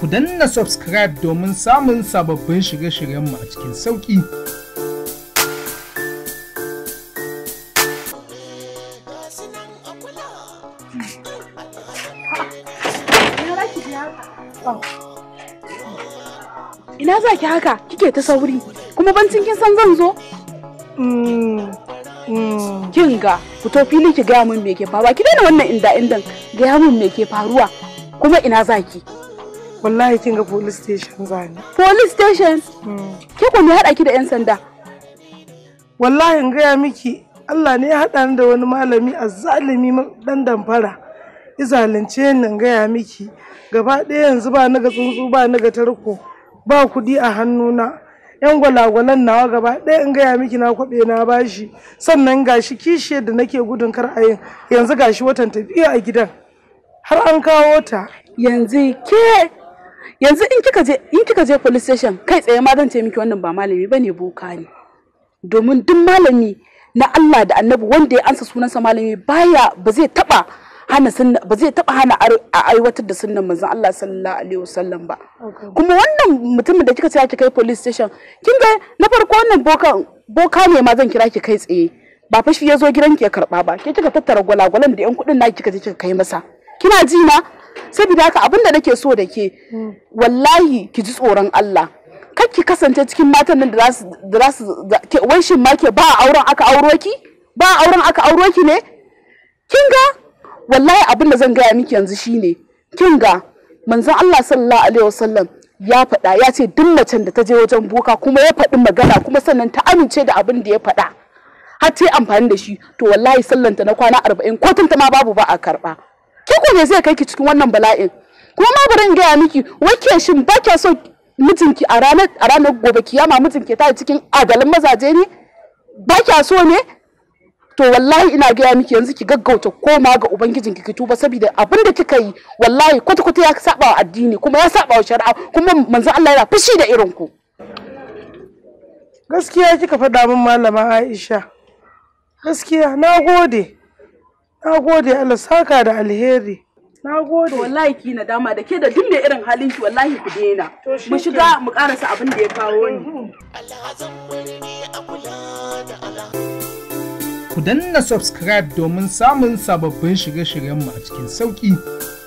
ku danna subscribe domin samun sababbin shirye-shiryenmu a cikin sauƙi. Ina za ki haka kike ta sauri kuma bancin kin san zan zo? Mm, mm. Kin ga fito fili ki gaya min me ke faruwa ki daina wannan inda indan gaya min me ke faruwa kuma ina za ki? wallahi kin ga police station zani police station hmm. ke ko ne hada ki da yan sanda wallahi in gaya miki Allah ne ya hada ni da wani malami azzalimi dan damfara Izalince ni in gaya miki gaba ɗaya yanzu ba naga tsuntsu ba naga tarko ba kuɗi a hannuna yan gwalagwalan nawa gaba ɗaya in gaya miki na kwaɓe na bashi sannan gashi kishiyar da nake gudun kar a yin yanzu gashi watan tafiya a gidan har an kawo ta yanzu ke yanzu in kika je in kika je police station kai tsaye ma zan ce miki wannan ba malami bane boka ne domin duk malami na Allah da Annabi wanda ya ansa sunansa malami baya ba zai taba hana sunna ba zai taba hana a aiwatar da sunnan manzon Allah sallallahu alaihi wasallam ba kuma wannan mutumin da kika ce ki kai police station kin ga na farko wannan boka boka ne ma zan kira ki kai tsaye ba fa shi ya zo gidanki ya karba ba ke kika tattara gwalagwalan da yan kudin naki kika je kika kai masa kina ji na saboda haka abin da nake so da ke wallahi ki ji tsoron Allah kar ki kasance cikin matan nan da za su wai shin ma ke ba auren aka auro ki ba auren aka auro ki ne kin ga wallahi abin da zan gaya miki yanzu shine kin ga manzon Allah sallallahu alaihi wasallam ya faɗa ya ce duk macen da ta je wajen boka kuma ya faɗi magana kuma sannan ta amince da abin da ya faɗa har ta yi amfani da shi to wallahi sallanta na kwana arba'in ta ma babu ba a karɓa ke ko me zai kai ki cikin wannan bala'in kuma ma bari in gaya miki wake shin ba kya so mijinki a ranar a ranar gobe kiyama mijinki ta cikin adalin mazaje ne ba kya so ne to wallahi ina gaya miki yanzu ki gaggauta koma ga ubangijinki ki tuba saboda abin da kika yi wallahi kwata kwata ya saba wa addini kuma ya saba wa shari'a kuma manzo Allah yana fushi da irin ku gaskiya kika faɗa min malama Aisha gaskiya na gode Na gode Allah saka da alheri. Na gode. Wallahi ki na dama da ke da duk irin halin ki wallahi ku dena! Mu shiga mu karasa abin da ya kawo ni. Mhm. Ku danna subscribe domin samun sababbin shirye shiryen mu a cikin sauƙi.